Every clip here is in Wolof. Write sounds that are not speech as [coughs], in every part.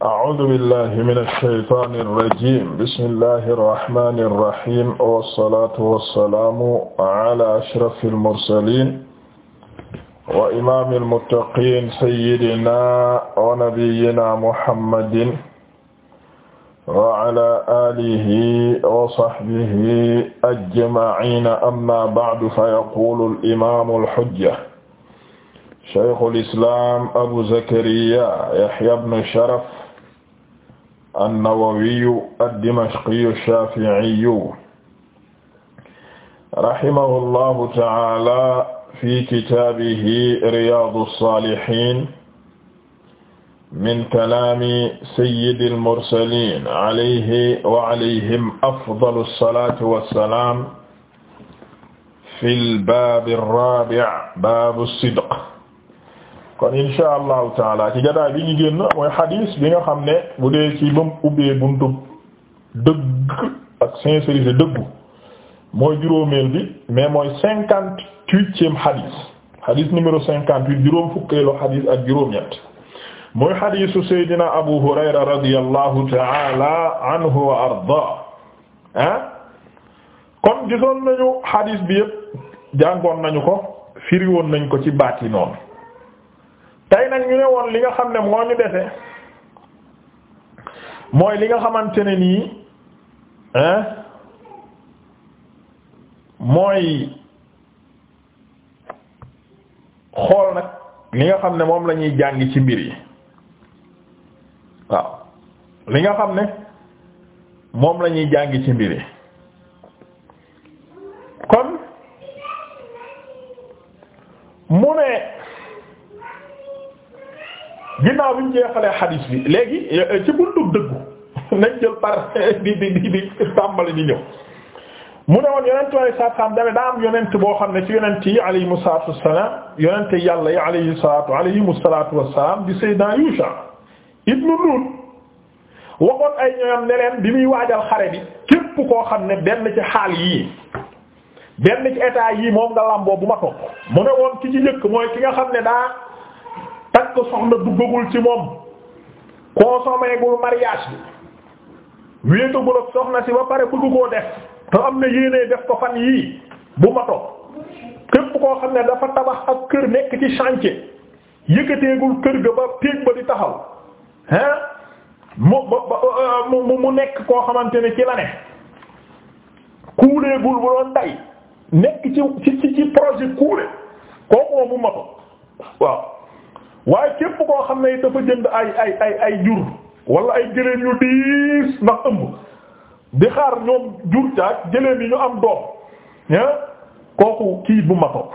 أعوذ بالله من الشيطان الرجيم بسم الله الرحمن الرحيم والصلاة والسلام على أشرف المرسلين وإمام المتقين سيدنا ونبينا محمد وعلى آله وصحبه أجمعين أما بعد فيقول الإمام الحجة شيخ الإسلام أبو زكريا يحيى بن شرف an-Nawawiyu ad-Dimashqiyu ash-Shafi'iyu rahimahullahu ta'ala fi kitaabihi Riyaadu s-Saalihiin min kalaami sayyidil mursaliin alayhi wa alayhim afdalu s-salaati wa s-salaam fil baabi r-raabi' baabu s-sidq kon insha allahu taala ci jotaay bi ñu génn mooy xadiis bi nga xam ne bu dee ci ba mu ubbee buntu dëgg ak sincérité dëggu mooy juróomeel bi mais mooy xadiis xadiis numéro cinquante huit juróom fukkeelu xadiis ak juróom-ñett mooy xadiisu Seydina Abu Hurayra radiyallahu taala anhu wa ardaa ah kon gisoon nañu xadiis bi yëpp jàngoon nañu ko firi woon nañ ko ci baati noonu. tey nag ñu ne woon li nga xam ne moo ñu defe mooy li nga xamante ne nii hein mooy xool nag li nga xam ne moom lañuy ñuy jàng ci mbir yi waaw li nga xam ne moom lañuy ñuy ci mbir yi kon mu ne ginnaaw bi ñu jeexalee xadiis bi léegi ci buntu dëggu nañ jël par di di di di tàmbali di ñëw mu ne woon yonent alayhi salaatu salaam dame daa am yonent boo xam ne ci yonent yi alayhimu salaatu wassalaam yonent yàlla yi alayhi salaatu alayhimu salaatu wassalaam di Seydina Yuusha ibnu Nun waxoon ay ñoom ne leen bi muy xare bi képp koo xam ne benn ci xaal yii benn ci état yii moom nga làmboo bu ma topp mu ne woon ki ci njëkk mooy ki nga xam ne daa que soxna duggagul ci moom consommé gul mariage bi wéetagul ak soxna si ba pare bëgg koo def te am na yéenee def ko fan yii bu ma képp koo xam ne dafa tabax ak kër nekk ci chantier yëkkateegul kër ga ba téeg ba di taxaw hein mu mu mu nekk koo xamante ne ci la ne kuuleegul bu doon day nekk ci ci ci projet kuule kooku bu ma waaw waaye képp koo xam ne dafa jënd ay ay ay jur wala ay gëléem yu diis ndax ëmb di xaar ñoom jur caag gëléem yi ñu am doom kooku kii bu ma topp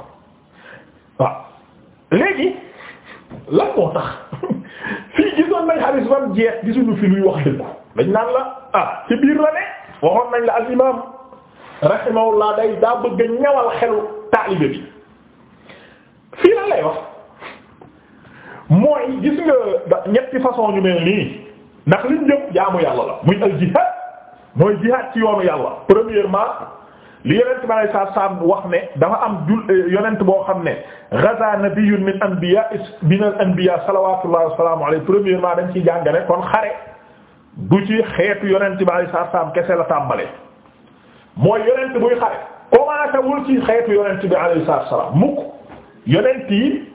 waaw léegi lan moo tax [laughs] fii gisoon nañ xalis bam jeex gisuñu fi luy wax lépp dañ naan la ah ci biir la ne waxoon nañ la al imam rahimahullah day daa bëgg a ñawal xelu taalibe bi mooy gis nga ñetti façon ñu mel nii ndax liñ jëm jaamu yàlla la muy al mooy jihad ci yoonu yàlla premièrement li yonent bi alay saa wax ne dafa am jul yonent boo xam ne gaza nabiyyun min anbiya min al anbiya salawatullahi wa salaamu premièrement dañ ci jàngale kon xare bu ci xeetu yonent bi alay saa kese la tàmbalee mooy yonent buy xare commencé wul ci xeetu yonent bi alay saa mukk yonent yi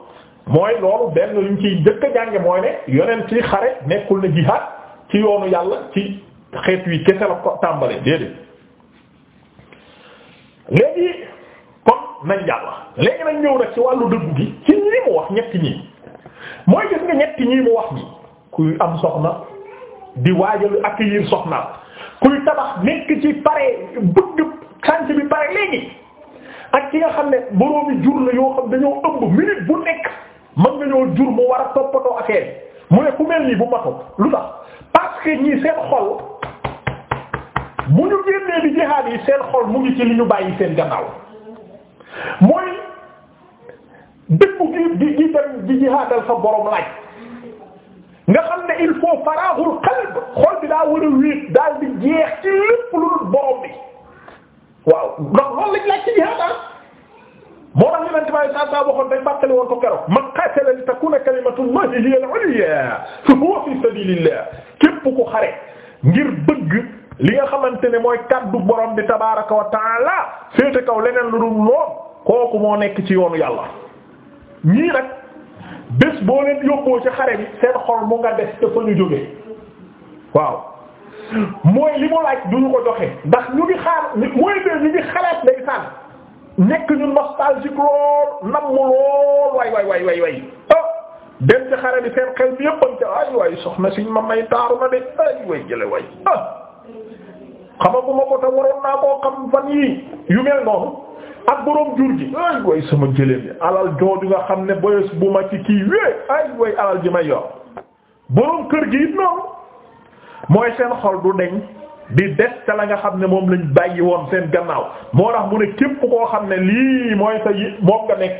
mooy loolu benn luñ ciy njëkk a jànge mooy ne yonent ci xare nekkul na jihaad ci yoonu yàlla ci xeet wi kese la ko tàmbalee déedéet léegi kon nañ jàll léegi nañ ñëw nag ci wàllu dëggu gi ci ñi mu wax ñetti ñii mooy gis nga ñetti ñii mu wax ñi kuy am soxna di waajal accueillir soxnaam kuy tabax nekk ci pare bëgg sant bi pare léegi ak ki nga xam ne boroomi jur la yoo xam dañoo ëmb minute bu nekk mën nga ñoo jur mu war a toppatoo affaire mu ne ku mel nii bu matu lu tax parce ñii seen xol mu ñu génnee di jihaad yi seen xol mu ngi ci li ñu bàyyi seen gannaaw mooy dëkku gi di di dem di jihaadal sa borom laaj nga xam ne il faut faraghul qalb xol bi daa war a wéet daal di jeex ci lépp lu dul borom bi waaw ndax loolu lañ laaj ci jihaad ah yonent bi saa saa waxoon dañ bàqale ko keroog man qatala li takuna kalimatullahi hiya al-ulya fa huwa fi sabilillah képp ku xare ngir bëgg li nga xamante ne mooy kaddu borom bi tabaaraka wa ta'ala féete kaw leneen lu dul lool kooku moo nekk ci yoonu yàlla ñii nag bés boo leen yóbboo ci xare bi seen xol mu nga des te fa ñu jógee waaw mooy li mu laaj du ko joxe ndax ñu ngi xaar mooy de ñu ngi xalaat day sànn. nekk ñu nostalgique lool namm lool way way way way way ah dem ci xare bi seen xel bi yëpp ay way soxna siñ ma may taaru na de ay way jële way ah xamaguma ko te waroon naa koo xam fan yii yu mel noonu ak boroom jur gi ay way sama jëlee bi alal jooju nga xam ne bés bu ma ci kii wee ay way alal ji may yor boroom kër gi it noonu mooy seen xol du deñ di des ca la nga xam ne moom lañ bàyyi woon seen gannaaw moo tax mu ne képp koo xam ne lii mooy sa yi moom nga nekk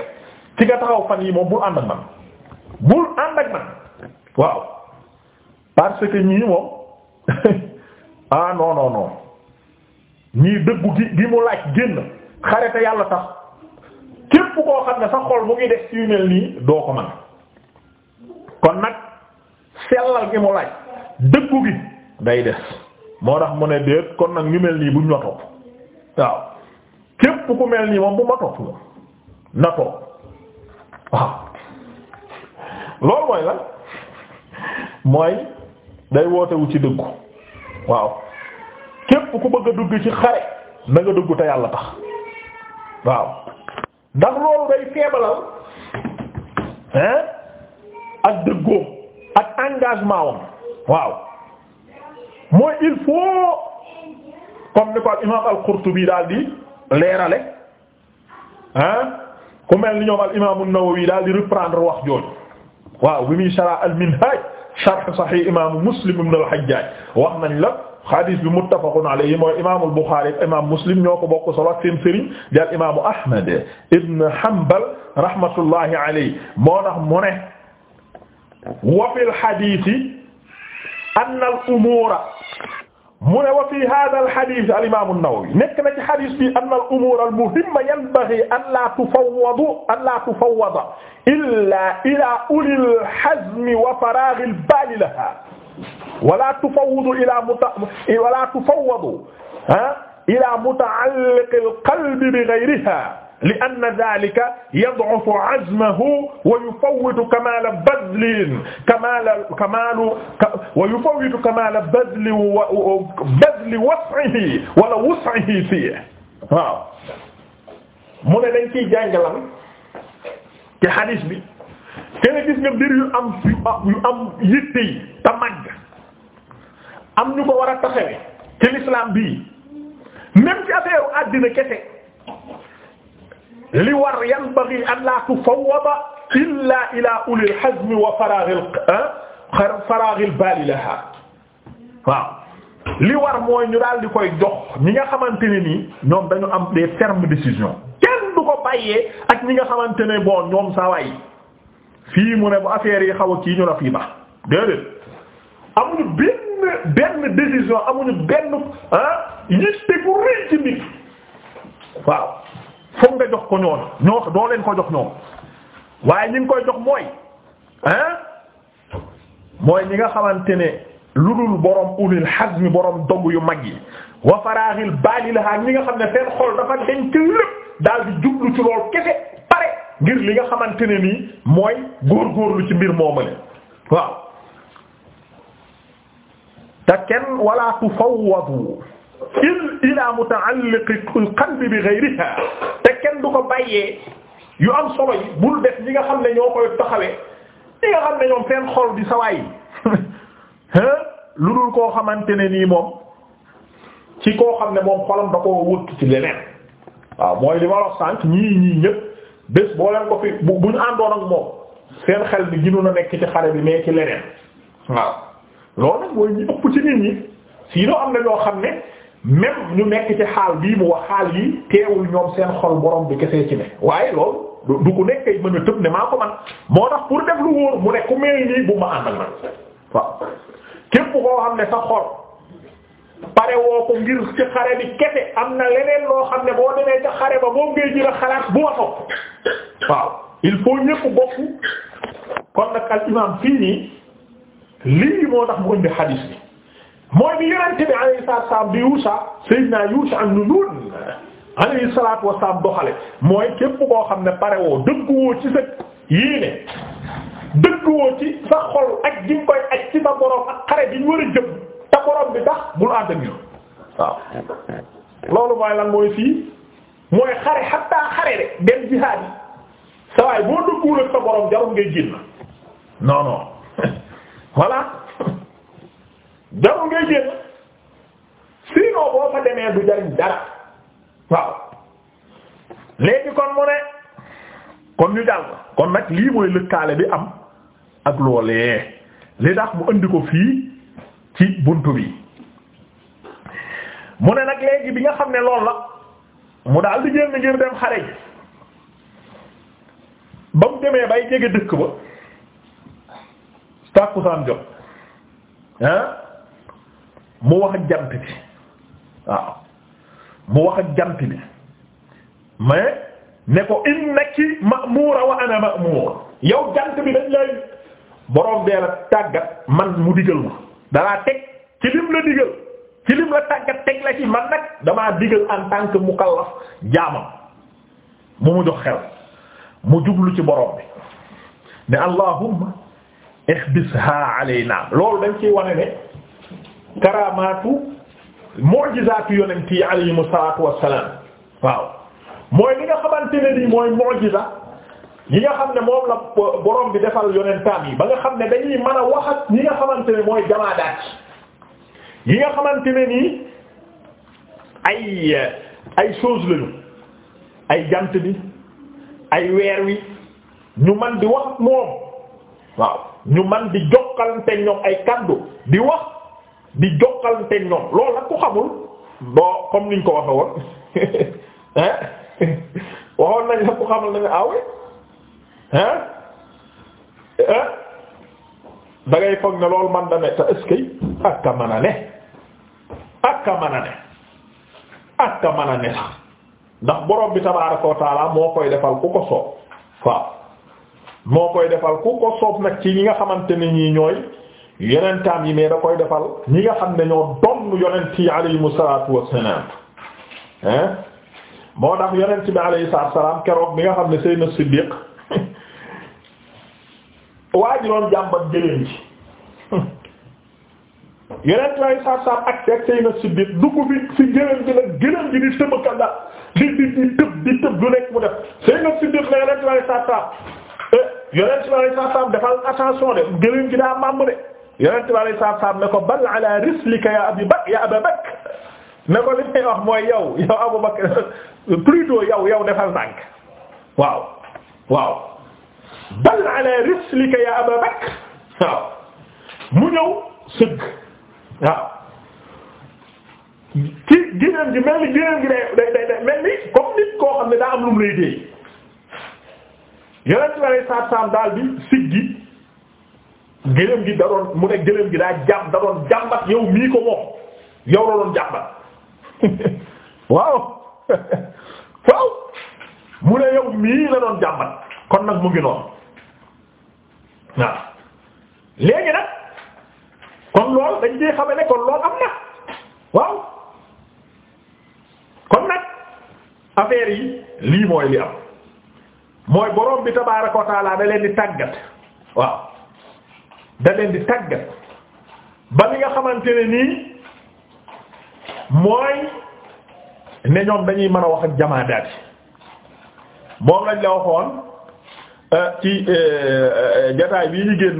ci nga taxaw fan yi moom bul ànd ak man bul ànd ak man waaw parce que ñii moom [laughs] ah non non ñii dëggu gi gi mu laaj génn xare te yàlla tax képp koo xam ne sa xol mu ngi def ci yu mel nii doo ko man kon nag sellal gi mu laaj dëggu gi day des moo tax mu ne déet kon nag ñu mel nii buñ la topp waaw képp ku mel nii moom bu ma topp moom waaw loolu mooy la mooy day wootewu ci dëggu waaw képp ku bëgg a dugg ci xare na nga dugg yàlla tax waaw ndax loolu day feebalal hein ak dëggoom ak engagement wam waaw mooy il faut comme ni al imaam al-Qurtubi daal di leerale ah ku mel ni ñoom al imaam an-Nawawi daal di reprendre wax jooju waaw bi muy sharh al-Minhaj sharh Sahih imaamu Muslim ibn al-Hajjaj wax nañ la. xadis bi muttafaqun alayhi mooy imaamul Buxaari imaam Muslim ñoo ko bokk solo ak seen sëriñ di al imaamu Ahmad ibn Hanbal rahmatullahi alayhi moo tax mu ne wa fil hadiisi anna al umuura mu ne wa fi hada alhadith alimamu Nawawi nekk na ci hadith bi anna al umuur al muhimma yanbaghi an la tufawwadu an la tufawwada illa ila ulil hazmi wa faraghi al baali laha wala tufawwadu ila muta wala tufawwadu ha ila muta'alliq al qalbi bi ghayriha li anna dhalika yad'ufu 'azmahu wa yufawwitu kamala badlin kamala kamalu wala wus'ihi fihi mu ne dañ ciy jàngalam ci hadis bi kenn gis nga mbir am yi te màgg am ñu ko war a taxawe ci l'islam bii même ci affaire àddina kese li war yanbaghi an la ila ulil hazmi wa faraghil faraghil bali laha waaw li war mooy ñu daal di koy jox ñi nga xamante ne nii ñoom dañu am des fermes décisions kenn ko bàyyee ak ñi nga xamante ne bon ñoom saa waay fii mu ne bu affaire yi xaw a kii ñu la fii am déedéet amuñu benn benn décision amuñu benn ah yitte ku rëy waaw. foog nga jox ko ñoon ñoo doo leen ko jox ñoom waaye ñi koy jox mooy ah mooy ñi nga xamante ne lu dul borom ulil hazmi borom dogg yu mag yi wa faraaxil baali la ñi nga xam ne seen xol dafa denc lépp daal di jublu ci lool kese pare ngir li nga xamante ne nii mooy góor góorgóorlu ci mbir moomale waaw te kenn wala tufawwadu il ila muta'alliqi al-qalbi bi ghayriha te kenn du ko bàyyee yu am solo yi bul def ñi nga xam ne ñoo koy taxawee ñi nga xam ne ñoom seen xol di sawaay [laughs] lu dul koo xamante ne nii moom ci koo xam ne moom xolam da ko wëkk ci leneen waaw mooy li ma wax sànq ñii ñii ñëpp bés boo leen ko fi bu bu àndoon ak moom seen xel bi gënu na nekk ci xare bi mais ci leneen waaw loolu nag mooy ñu ëpp ci nit ñi sinon am na ñoo xam ne. même ñu nekk ci xaal bii mu wax xaal yi teewul ñoom seen xol borom bi kese ci ne waaye loolu du ko nekk ay mën a tëb ne maa ko man moo tax pour def lu wóor mu nekk ku mel nii bu ma ànd waaw képp koo xam ne sa xol pare woo ko ngir ci xare bi kese am na leneen loo xam ne boo demee ca xare ba boo ngay jël xalaat bu ma topp waaw il faut ñëpp bokk kon nag al imam fii nii lii moo tax mu indi hadis bi mooy bi yonente bi alayhi salaatu wasalaam di Yuusa Seydina Yuusa ibn Nuun alayhi salaatu wasalaam doxale mooy képp koo xam ne pare woo dëggu woo ci sa yéene dëggu woo ci sa xol ak gi koy ak ci sa xare bi war jëm te bi tax bul ànd ak ñun waaw loolu mooy lan mooy fii mooy xare xatta xare rek dem jihaad yi boo dëgguwul ak sa borom ngay génn non non [laughs] jarul ngay génn sinon boo fa demee du jariñ dara waaw léegi kon mu ne kon ñu jàll kon nag lii mooy lëkkaale bi am ak loolee li tax mu andi ko fii ci bunt bi mu ne nag léegi bi nga xam ne lool la mu daal di génn ngir dem xare ji ba mu demee bay jege dëkk ba tàkkusaan jot ah mu wax ak jant bi waaw mu wax ak jant bi mais ne ko innaki ma'mura wa ana ma'mur yow jant bi dañ lay borom dee la tàggat man mu digal ma dalaa teg ci lim digal ci la tàggat teg la ci man nag damaa digal en tant que mukallaf jaamam mu mu jox xel mu jublu ci borom bi ne allahumma ihbisha alayna loolu dañ ciy wane ne karaamaatu mu'jizaatu yonent yi alayhimu salaatu wassalaam waaw mooy li nga xamante ne nii mooy mu'jiza yi nga xam ne moom la borom bi defal yonentam yi ba nga xam ne dañuy man a wax ak ñi nga xamante ne mooy jamaadaat yi nga xamante ne nii ay ay choses lañu ay jant bi ay weer wi ñu man di wax moom waaw ñu man di jokkalante ñoom ay kaddu di wax. di jokkalante ñoom loolu nag ku xamul boo comme niñ ko waxe woon [laughs] hein [laughs] waxoon nañ la ku xamul nañu awe hein hein foog ne loolu man da ne te est-ce ak ka mën a ne ak a ne a ne sax ndax borom bi tabaaraka wa taala moo koy defal ku ko soob waaw moo koy defal ku ko soob nag ci ñi nga xamante ni ñii ñooy yonentam yi mais da koy defal ñi nga xam ne ñoo doon yonent yi alayhimu salaatu wassalaam hein moo tax yonent bi alayhi salaatu wassalaam keroog bi nga xam ne Seydina Siddiq [laughs] waa ji doon jàmbat jëleen ji [laughs] yonent bi alayhi salaatu wassalaam ak ak Seydina Siddiq dugg bi ci jëleen ji la jëleen ji di tëb kanda di di di tëb di tëb lu nekk mu def Seydina Siddiq la yonent bi alayhi salaatu wassalaam eh, yonent bi alayhi salaatu wassalaam defal attention de jëleen ji daa màmm de yonent bi alayhi salaatu salaam ne ko bal ala rislika ya abi ya aba bakr ko li may wax mooy yow yow Abu yaw yaw [laughs] yow yow defal ndànk waaw waaw bal ala rislika ya aba waaw mu ñëw sëgg waaw ci gineen gi mel ni gineen gi day day day mel ni comme nit koo xam ne daa am lu mu lay dee yonent bi alayhi salaatu daal bi siggi gëlëm gi da mu ne gëlëm gi daa jàpp da doon jàmbat yow mii ko moom yow la doon jàmbat [laughs] [laughs] waaw mu ne yow mii la doon jàmbat kon nag mu ngi noonu waaw léegi nag kon lool dañ dee xame ne kon lool am na waaw kon nag affaire yi lii mooy li am mooy borom bi tabaaraka wa taala da leen di tàggat waaw da leen di tàggat ba li nga xamante ne nii mooy ne ñoom dañuy mën a wax ak jamaadaat yi moom lañ la waxoon euh, ci euh, euh, jataay bi ñu génn [laughs]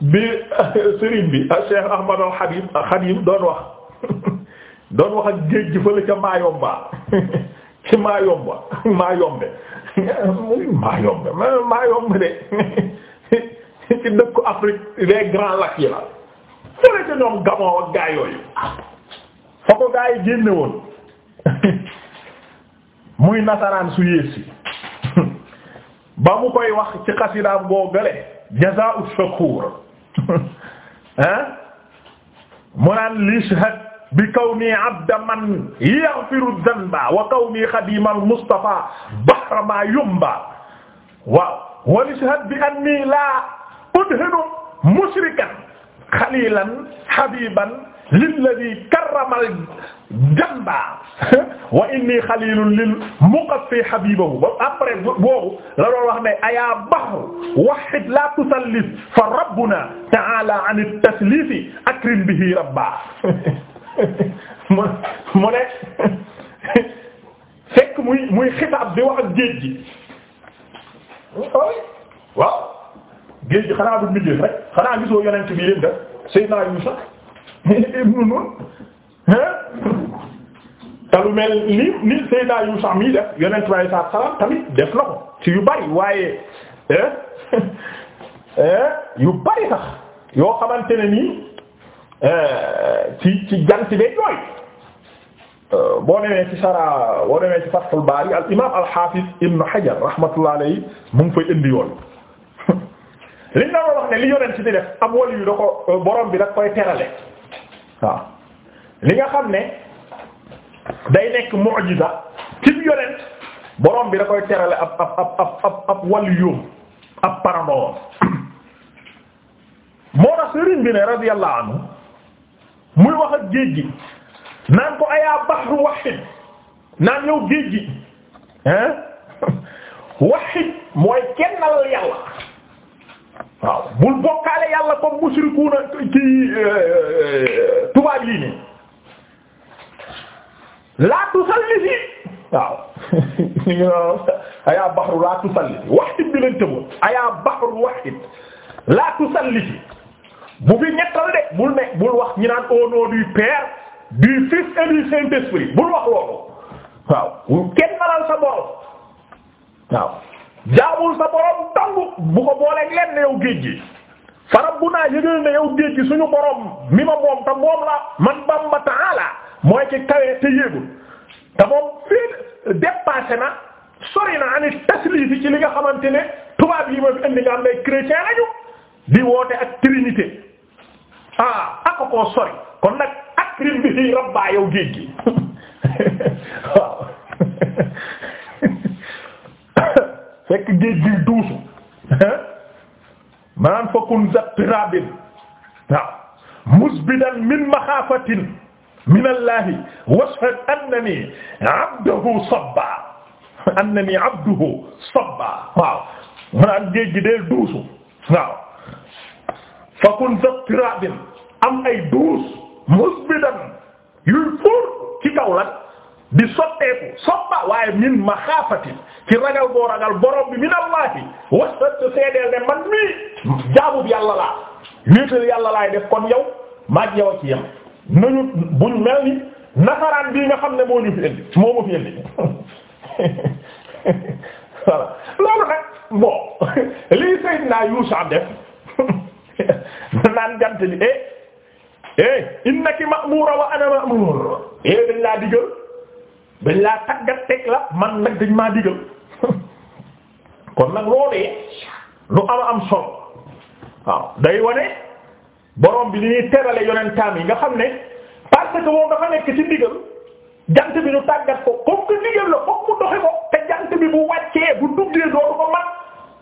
bi sëriñ bi ah, Cheikh Ahmad al ah, Habib Khadim doon wax [laughs] doon wax ak géej gi fële ca Maayomba [laughs] ci Maayomba Maayombe maa yomb de [laughs] ci dëkku Afrique les grands lacs yi la fële ca ñoom Gabon ak ko gaa yi woon [laughs] muy nasaraan su yées [laughs] ba mu koy wax ci xasidaam boo gële jazaa'u shakuur ah mu lishhad bi kaw nii abda man yaghfiru wa kaw nii xadimal Mustafa qasra ma yumba waaw walishhad bi anni la udhinu mushrikan xalilan habiban lilladi karramal jamba [laughs] wa inni xalilun lil muqaffi habibahu ba après boobu la doon wax ne ayaa bahru wahid la tusallis fa rabbuna ta'ala an at-taslisi akrim bihi rabba [laughs] mu ne muy muy xitaab di wax ak géej gi waaw géej gi xanaa du mujjee rek xanaa gisoo yonent bi leen def Seydina Yuusa ibnu Nun te lu mel ni ni Seydina Yuusa mi def yonent bi alayhi salaam tamit def na ko ci yu bari waaye yu bari sax yoo xamante ne nii euh, ci ci jant beeg yooyu. Euh, boo demee ci sara boo demee ci Fathul Bari al imaam al hafiz Ibn Hajar rahmatullah alayhi mu ngi fay indi yoon [laughs] li ñu doon wax ne li yonent ci def am wàll yu da ko euh, borom bi da koy terale waaw li nga xam ne day nekk mu'jiza ci yonent borom bi da koy terale ab ab [coughs] ne radiyallahu anhu muy wax ak géej gi. naan ko ayaa bahru wahid naan yow géej gi [laughs] wahid mooy kennal yàlla waaw bul bokkaale yàlla comme mushrikuuna ci euh, tubaab yi laa tusallisi waaw [laughs] ayaa bahru laa tusallisi wahid bi leen ayaa bahru wahid laa tusallisi bu fi ñettal de bul ne bul wax ñi naan au nom du père du fils et du Saint-Esprit bul wax loolu waaw kenn maral sa borom waaw jaabul sa borom tangu bu ko booleeg leen ne yow géej gi farab bu naa yëgal ne yow géej gi suñu borom mi ma moom te moom la man Bamba taala mooy ci kawe te yéegul te moom fii dépassé na sori na ani taslifi ci li nga xamante ne tubaab yi ma fi indi nga am ne chrétien lañu di woote ak trinité ah ak koo sori kon nag. akrim bi rabbaa yow géej gi waaw fekk géej gi duusu maanaam fakun zatrabin waaw musbidan min maxaafatin min allahi washhad annani abduhu sabba annani abduhu sabba waaw maanaam géej gi deel duusu waaw fakun zatrabin am ay duus musbidan yuy fuur ci kaw lan sotteeku soppa waaye min maxaafati ci ragal boo ragal borom bi min allahi wasatu seedeel ne man mii jaabub yàlla laa wéetal yàlla laay def kon yow maag yow ci yam nañu buñ mel ni nasaraan bii nga xam ne moo ñu fi indi moo ma fi indi [laughs] loolu nag bon [laughs] lii Seydina Yuusa def [laughs] naan jant bi eh innaki ma'mura wa ana ma'mur eh dañ laa digal dañ taggat teg la man nag dañ maa digal [laughs] kon nag loolee lu am am solo waaw day wane borom bi li ñuy terale yonentam yi nga xam ne parce que moom nekk ci ndigal jant bi ñu tàggat ko comme que ndigal la fokk mu doxe ko te jant bi bu wàccee bu duggee dootu ko mat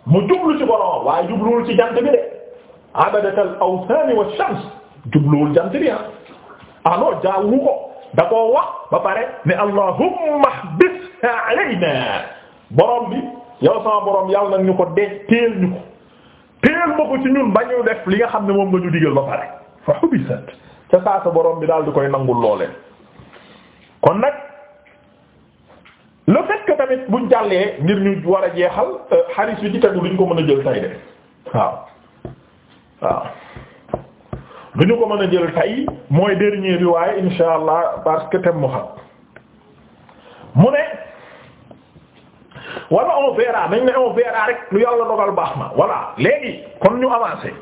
mu jublu ci borom waaye jubluwul ci jant bi de abadatal awsani wa shams jubluwul jant bi ah ah ko da koo wax ba pare ne allahumma hbisha alayna borom bi yow sama borom yàlla nag ñu ko dee teel ñu ko teel ma ko ci ñun ba ñu def li nga xam ne moom la ñu digal ba pare fa hubisat ca saa sa borom bi daal di koy nangul loolee kon nag le fait tamit buñ jàllee ngir ñu war a jeexal xaalis euh, bi ci tegu duñ ko mën a jël tay de waaw waaw. du ñu ko mën a jël tey mooy dernier bi waaye insha allah parce que thème mu xam mu ne wala on verra nañ ne on verra rek lu yàlla dogal baax na voilà léegi kon ñu avancé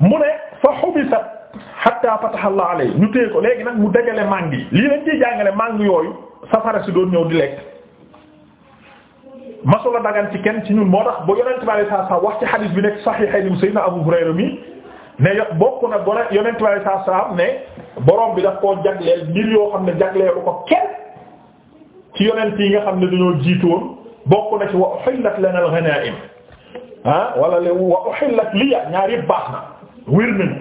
mu ne fa xubisat hatta fataha allah alay ñu téye ko léegi nag mu dajale màng yi lii lañ ciy jàngale màng yooyu safara si doon ñëw di lekk masula dagan ci kenn ci ñun moo tax ba yonent bi sallallahu alayhi wasallam wax ci hadith bi nekk sahihayn na Abu Hurayra mi ne bokk na gone yonent bi saa salaam ne borom bi daf koo jagleel mbir yoo xam ne jagleelu ko kenn ci yonent yi nga xam ne dañoo jiitoon bokk na ci wa uhillat lana al-ghanaa'im ah wala le wa uhillat liya ñaar baax na wir nañu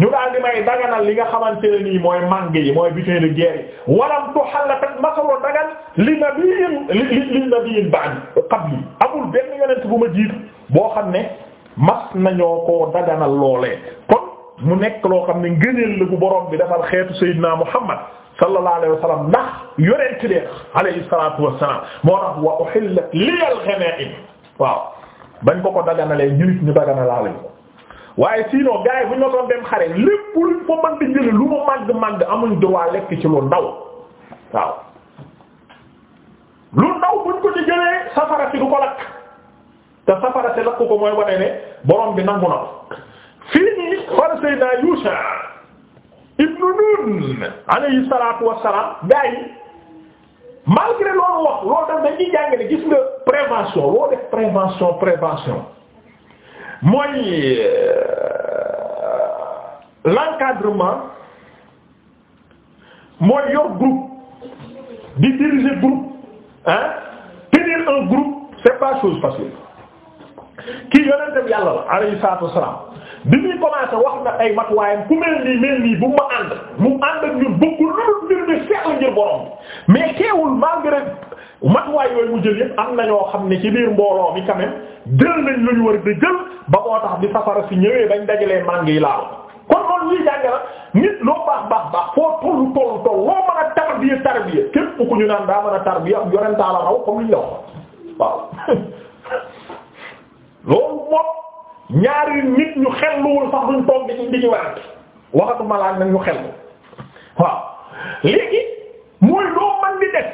ñu daal di may daganal li nga xamante ne nii mooy màng yi mooy butin de guerre yi walam tuhalla ta masaloo dagan li nabiyyin li nabiyyin ba'di qabli amul benn yonent bu ma jiitu boo xam ne. mas nañoo ko daganal loolee kon mu nekk loo xam ne ngëneel la bu boroom bi defal xeetu Seydina Muhammad sallallahu alayhi wa sallam ndax yorenti de alayhi salaatu wa salaam moo tax wa uhillat liyal ghanaa'im waaw bañ ko ko daganalee ñu nit ñu daganalaale ko waaye lu ma màgg màgg amuñ droit lekk ci lu ndaw waaw lu ndaw buñ ko ci jëlee safara ci du ko lakk. te safara si lakk ko mooy wane ne borom bi nangu na ko fii nii far Seydina Yuusa ibnu Nun alayhi salaatu wassalaam gaa yi malgré loolu wax loolu daf dañ ci jàng ne gis nga prévention loo def prévention prévention mooy euh, l'encadrement mooy yor groupe di diriger groupe hein tenir un groupe c'est pas chose facile kii yonentam yàlla la alayhi salaatu wassalaam bi muy commencé wax na ay matuwaayam ku mel nii mel nii bu ma ànd mu ànd ak ñun bëgg loolu mbir mi seetlu ngir borom mais teewul malgré matuwaay yooyu mu jël yëpp am na ñoo xam ne ci biir mbooloo mi quand même jël nañ lu ñu war di jël ba moo tax bi safara si ñëwee dañ dajalee màng yi laal kon loolu ñuy jànge la nit loo baax baax baax foo tollu tollu tollu loo mën a tarbiya tarbiya képp ku ñu naan daa mën a tarbiya ak yonentaala raw comme li ñu [laughs] loolu moom ñaari nit ñu xelluwul sax duñ toog di ci di ci werante waxatuma laaj nag ñu xellu waaw léegi mooy loo man di def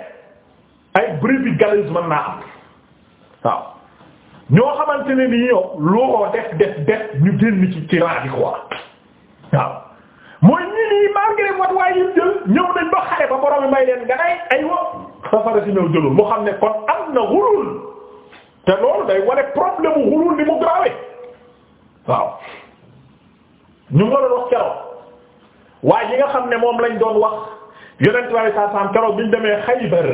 ay brivigalise mën naa am waaw ñoo xamante ne ni yow loo def def def ñu génn ci ci rajo quoi waaw mooy ñii nii malgré wat waaye ñu jël ñëw nañ ba xare ba borom may leen nga ay aywa safara si ñëw jëlul mu xam ne kon am na wulul. te loolu day wane problème mu xulul ni mu grave waaw ñu ngi doon wax keroog waaye yi nga xam ne moom lañ doon wax yonent bi saa saam keroog bi ñu demee Xaybar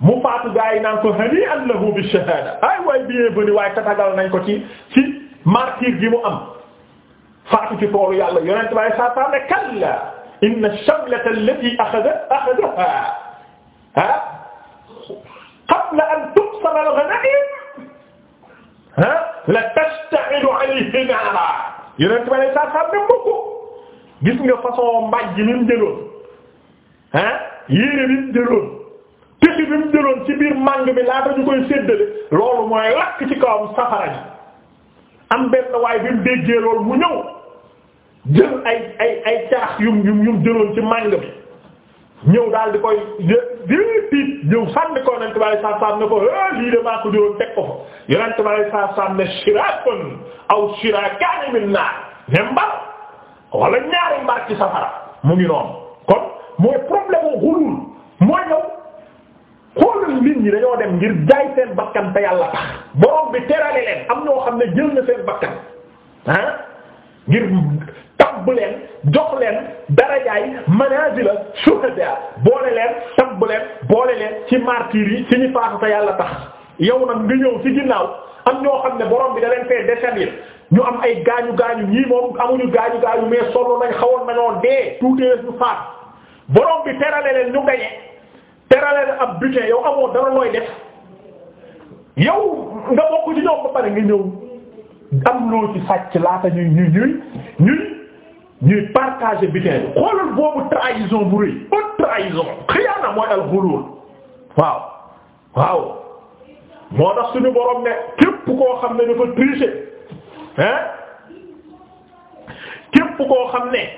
mu faatu gaa yi naan ko hani'an lahu bi shahada ay waay bien bëri waaye tatagal nañ ko ci ci martyr gi mu am faatu ci toolu yàlla yonent bi saa saam ne kalla inna shamlata allati akhadha akhadha ah qabla an muhsan al-ghanaa'im ah la tasta'idu alayhi naara yonent ba ne gis nga façon mbajj mi mu jëloon ah yére mi mu jëloon tësi bi mu jëloon ci biir màng mi laata ñu koy séddale loolu mooy lakk ci kawam safara ji am benn waaye bi mu déggee loolu mu ñëw jël ay ay caax yum yum yum jëloon ci màng bi ñëw daal di koy tiit ñëw sànni ko yonent bi saa saam ne ko eh, lii de maa ko juróom teg ko fa yonent bi saa saam ne aw shiraakaani min naar ne mbar wala ñaari mbar safara mu ngi noonu kon mooy problème u xulul mooy ñëw xoolal nit ñi dañoo dem ngir jaay seen bakkan te yàlla tax borom bi terale leen am ñoo xam ne jël na seen bakkan ah ngir tabb leen jox leen darajaay manazila shuhada boole leen tabb leen boole leen ci martyr yi ci ñi faatu te yàlla tax yow nag nga ñëw ci ginnaaw am ñoo xam ne borom bi da leen fee descendé ñu am ay gaañu gaañu ñii moom amuñu gaañu gaañu mais solo nañ xawoon nañoo dee tuuti ñu faat borom bi terale leen ñu gañe terale leen ab butin yow amoo dara looy def yow nga bokk ci ñoom ba pare nga ñëw am loo ci sàcc laata ñuy ñuy ñuy. ñuy partager butin bi xoolal boobu trahison bu rëy haute trahison xiyaana mooy alxulul waaw waaw moo tax suñu borom ne képp koo xam ne dafa tricher hein képp koo xam ne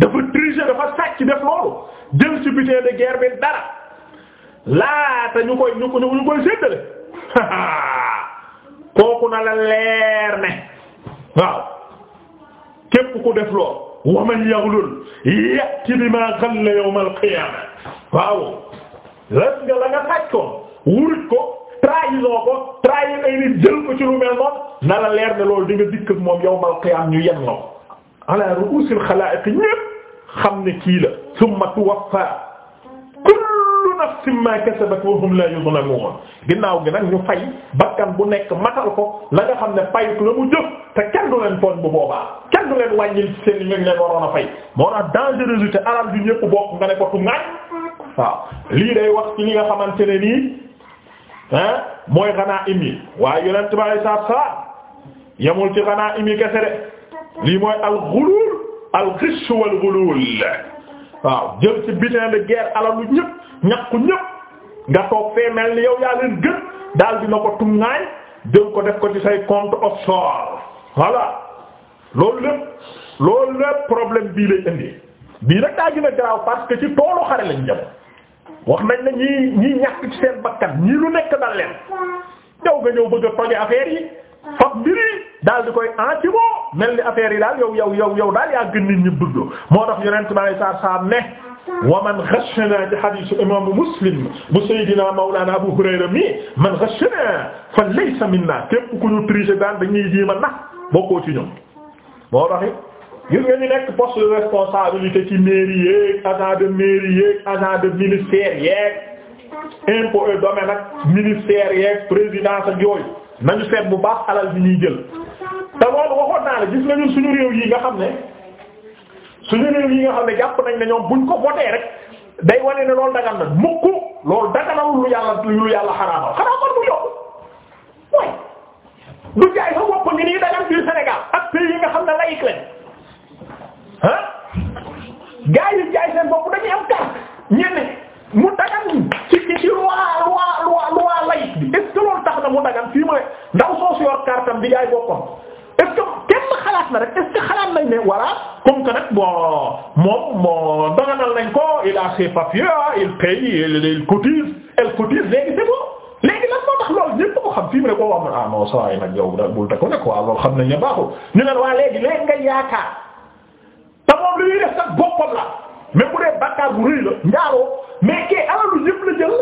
dafa tricher dafa sàcc def loolu jël ci butin de guerre bi dara laata ñu koy ñu ko ñu koy séddale [laughs] kooku na la leer ne waaw képp ku def loo wa man yaghlul ya'ti bima ghalla yawm al-qiyaamah waaw lan nga la nga faj ko wuruj ko trahison ko trahir ay nit jël ko ci lu mel noonu na la leer ne loolu di nga dikk ak moom yawm al-qiyaam ñu yenn ala ru'uusil xalaa'iq ñépp xam ne kii la summa tuwaffa nafsin ma kasabat wa hum la yuzlamun ginnaaw gi nag ñu fay bakkan bu nekk matal ko la nga xam ne fayut la mu jëf te kenn du leen tooñ bu boobaa kenn du leen wàññil seen ñu leen waroon a fay moo tax dangerosité alal ju ñëpp bokk nga ne ko tu ŋaañ waaw lii day wax ci li nga xamante ne nii ah mooy xanaa imi waaye yonent bi alayhi salaatu salaam yemul ci xanaa imi kese de lii mooy al ghulul al ghish wal ghulul waaw jël ci butin de guerre alalu ñëpp ñàkku ñëpp nga toog fee ni yow yaa leen gën daal dina ko tuŋaay jël ko def ko ci say compte offshore voilà loolu lépp loolu lépp problème bii lay indi bii rek daa gën garaaw parce que ci toolu xare lañ jëm wax nañ ne ñii ñii ñàkk ci seen bakkan ñii lu nekk dal leen yow nga ñëw bëgg a toje affaire yi fab mbiri daal di koy en ci moo mel ni affaire yi daal yow yow yow yow daal yaa gën nit ñi bëgg moo tax yonent bi saa saa ne wa man ghashana ci hadiisu muslim bu Seydina Mawlana Abu Hurayra man ghashana fa laysa minna képp ku ñu tricher daal dañuy jéem a nax bokkoo ci ñoom moo tax it gis nga ñu de responsabilité ci mairie yeeg agent de mairie yeeg agent de ministère yeeg impôt et domaine ak ministère yeeg présidence ak yooyu bu baax alal bi ñuy jël. te loolu waxoon naa la gis nañu yi nga xam ne suñu réew yi nga xam ne jàpp nañ ne ñoom buñ ko voté rek day wane ne loolu dagan na mukk loolu daganalul lu yàlla lu yàlla xaraamal xanaa kon mu yokku way du jaay sa bopp ngi nii dagan fii Sénégal ak pays yi nga xam ne laïc lañ ah gaa yi jaay seen bopp dañuy am carte ñenn mu dagan voilà comme que nag bon moom moo daganal nañ ko il a ses papiers il paye il cotise elle cotise léegi c'est bon léegi lan moo tax loolu ñépp ko xam fii mu ne koo wax ah non saa yi nag yow bul te ko ne quoi loolu xam nañ ne baaxul ñu ne waa léegi léegi nga yaakaar te moom li ñuy def sax boppam la mais bu dee bàkkaar bu rëy la njaaroo mais kay alalu ñépp la jël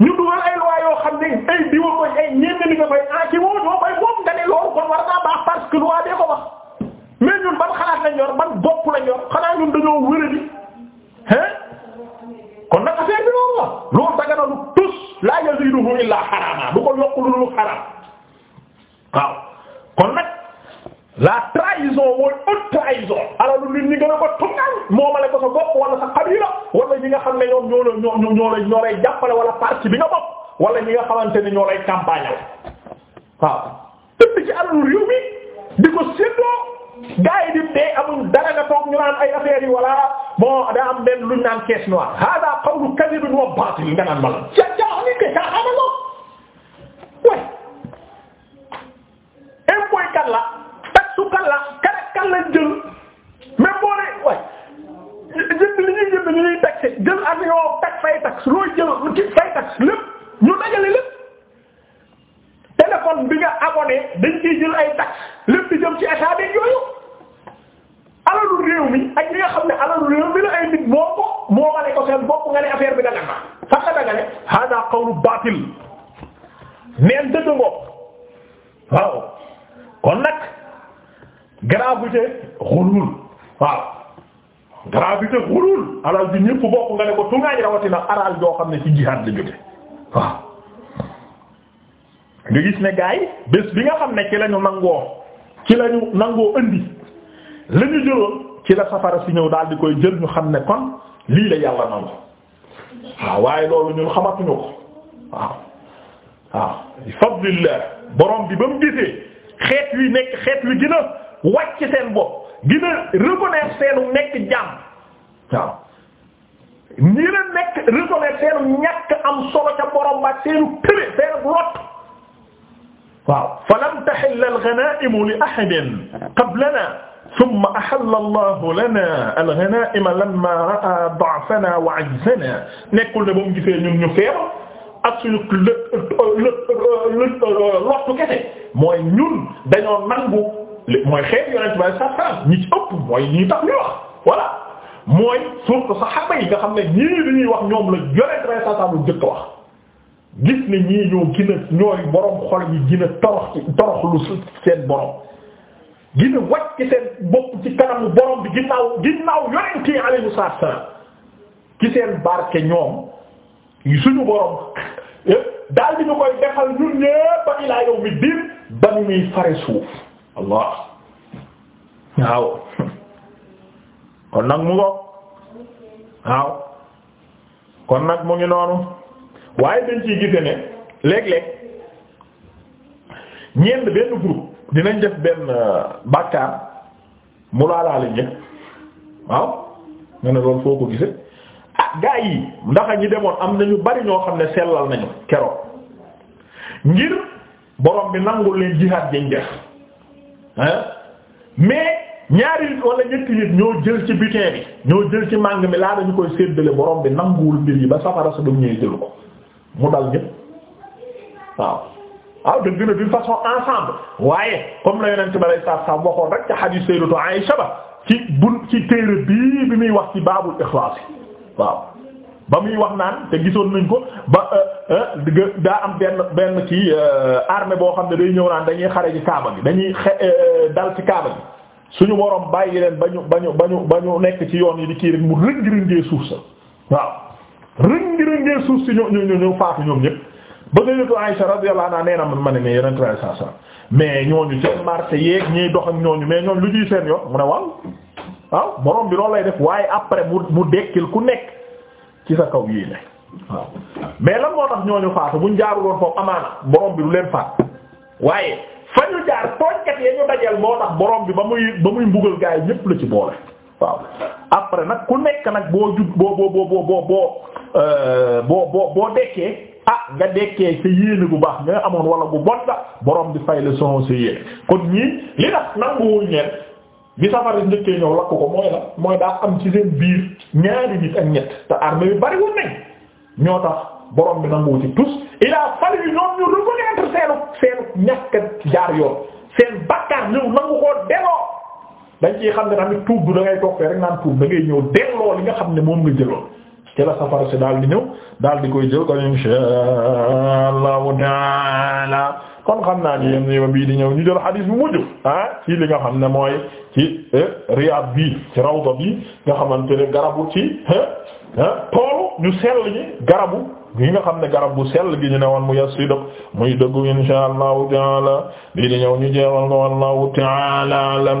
ñu dugal ay lois xam ne ay diwa ko ay ñenn li nga fay ah ci woo ñoo koy moom nga ne loolu mais ñun ban xalaat lañ yor ban bopp lañ yor xanaa ñun dañoo wéradi hein kon nag affaire bi loolu la loolu dagana lu tus laa yaziduhu illaa xaraama du ko yokk lu lu xaraam waaw kon nag la trahison mooy haute trahison alalu nit ñi gën a ko tungal moomale ko sa bopp wala sa xabila wala ñi nga xam ne ñoom ñoo la ñoo jàppale wala parti bi nga bopp wala ñi nga xamante ne ñoo lay campagne la waaw tëdd ci alalu réew mi di ko séddoo gaa yi di dee amuñ dara nga toog ñu naan ay affaires yi wala bon daa am benn luñ naan caisse noire hada qawlu kadhibun wa baatil nga naan ma la ca caa nit ke caa xamal ko way impôt kat la taxu kat la kare kat la jël mais boo ne way li ñuy li ñuy taxe jël avion tax fay tax looy jël ci fay tax lépp ñu dajale lépp téléphone bi nga abonné dañ ciy jël ay tax lépp di jëm ci état bi alalu réew mi xam ne alalu réew mi ay nit moo moo ma ne ko seen bopp nga ne affaire bi daga na fakka daga ne hada qawlu baatil neen dëgg ngoog waaw kon nag gravité xulul waaw gravité xulul alal bi ñëpp bokk nga ne ko tungaañ rawatina aral joo xam ne ci jihaad la jóge waaw nga gis ne gars bés bi nga xam ne ci lañu ñu nangoo ci lañu nangoo indi la ñu ci la safara si ñëw daal di koy jël ñu xam ne kon lii la yàlla nangu waaw waaye loolu ñun xamatuñu ko waaw waaw bi fadlillah borom bi ba mu gisee xeet wi nekk xeet wi gën a wàcc seen bopp gën a reconnaître seenu nekk jàmm waaw ñi la nekk reconnaître seenu ñàkk am solo ca borom ba seenu tëre seenu lot waaw fa lam tahilla al-ghana'imu li ahadin qablanaa ثم أحل الله لنا الغنائم لما رأى ضعفنا وعجزنا nekkul ne ba mu gisee ñun ñu feebar ak suñu lottu kese mooy ñun dañoo nangu mooy xeet yonent bi sa sa ñi ci ëpp mooy ñi tax ñu wax voilà mooy surtout saxaaba yi nga xam ne ñii dañuy wax ñoom la yonent bi sa sa bu jëkk wax gis ne ñii ñoo gën ñooy borom xol yi gën a torox ci torox lu seen borom gën a wàcc seen bopp ci kanamu borom bi ginnaaw ginnaaw yonent yi alayhi salaam seen barke ñoom suñu borom eh, daal ñu koy defal ñun ñëpp ba ilaa yawmi diin ba ñu muy fare suuf [laughs] mu waaw kon nag mu ngi noonu waaye dañ ciy gise ne léeg-léeg ñeent benn groupe dinañ def benn euh, bàkkaar mu laalaale ñëpp waaw nga loolu foo ko gise ah gaa yi ndax ñi demoon am na ñu bari ñoo xam ne sellal nañu keroog ngir borom bi nangul leen jihaad jañ def hein mais ñaari nit wala ñetti nit ñoo jël ci butin bi jël ci màng mi laa dañu koy séddale borom bi nanguwul mbir yi ba safara sa dum ñuy jël ko mu dal ñëpp waaw waaw dëgg la d'une façon ensemble waaye comme la yonent bi alayhi salaam waxoon rek ca hadith sayyidatu Aisha ba ci bun ci téere bii bi muy wax ci baabul ixlaas waaw ba muy wax naan te gisoon nañ ko ba euh, euh, daa am benn benn ci euh, armée boo xam ne day ñëw naan dañuy xare ci kaaba gi dañuy dal ci kaaba gi suñu borom bàyyi leen ba ñu ba ñu ba ñu ba ñu nekk ci yoon yi di kii rek mu rëng rëngee suuf sa waaw rëngi rëngee suuf si ñoo ñoo ñoo faatu ñoom ñëpp ba nga yëtu Aïcha radiyallahu anha nee na ma ne mais yeneen traçais ça mais ñooñu seen marché yeeg ñiy dox ak ñooñu mais ñoom lu ñuy seen yoon mu ne waaw waaw borom bi loolu lay def waaye après mu mu dekkil ku nekk ci sa kaw yii ne waaw mais la moo tax ñooñu faatu buñ jaarul woon foofu amaana borom bi du leen faat waaye fa ñu jaar tooñkat ya ñu dajal moo tax borom bi ba muy ba muy mbugal gaay ñépp la ci boole. waaw après nag ku nekk nag boo jub boo boo boo boo boo euh, boo boo boo dekkee ah nga dekkee sa yéene bu baax nga amoon wala bu bon nga borom di fay le son sa yéene kon ñii li tax nanguwuñ leen bi safari njëkkee ñëw lakk ko mooy la mooy daa am ci seen biir ñaari nit ak ñett te armée yu bariwul nañ ñoo tax borom bi nanguwu ci tous il a fallu ñoom ñu reconnaître seenu seenu ñàkk jaar yoon seen bakkaar ñëw nangu koo delloo. dañ ciy xam ne tamit tuub du da ngay rek naan tuub da ñëw delloo li nga xam ne moom nga jëloon ci la safara si daal di ñëw daal di koy jël kon insha allahu taala kon xam naa ni yem ni bii di ñëw ñu jël xadiis bu mujj ah ci li nga xam ne mooy ci eh, bi ci bi nga xamante ne ci eh, eh, toolu ñu sell ñi garabu gi nga xam ne garab bu sell gi ñu ne woon mu yasidok muy dëggu insha allahu taala bii di ñëw ñu jeewal ko wallahu taala alam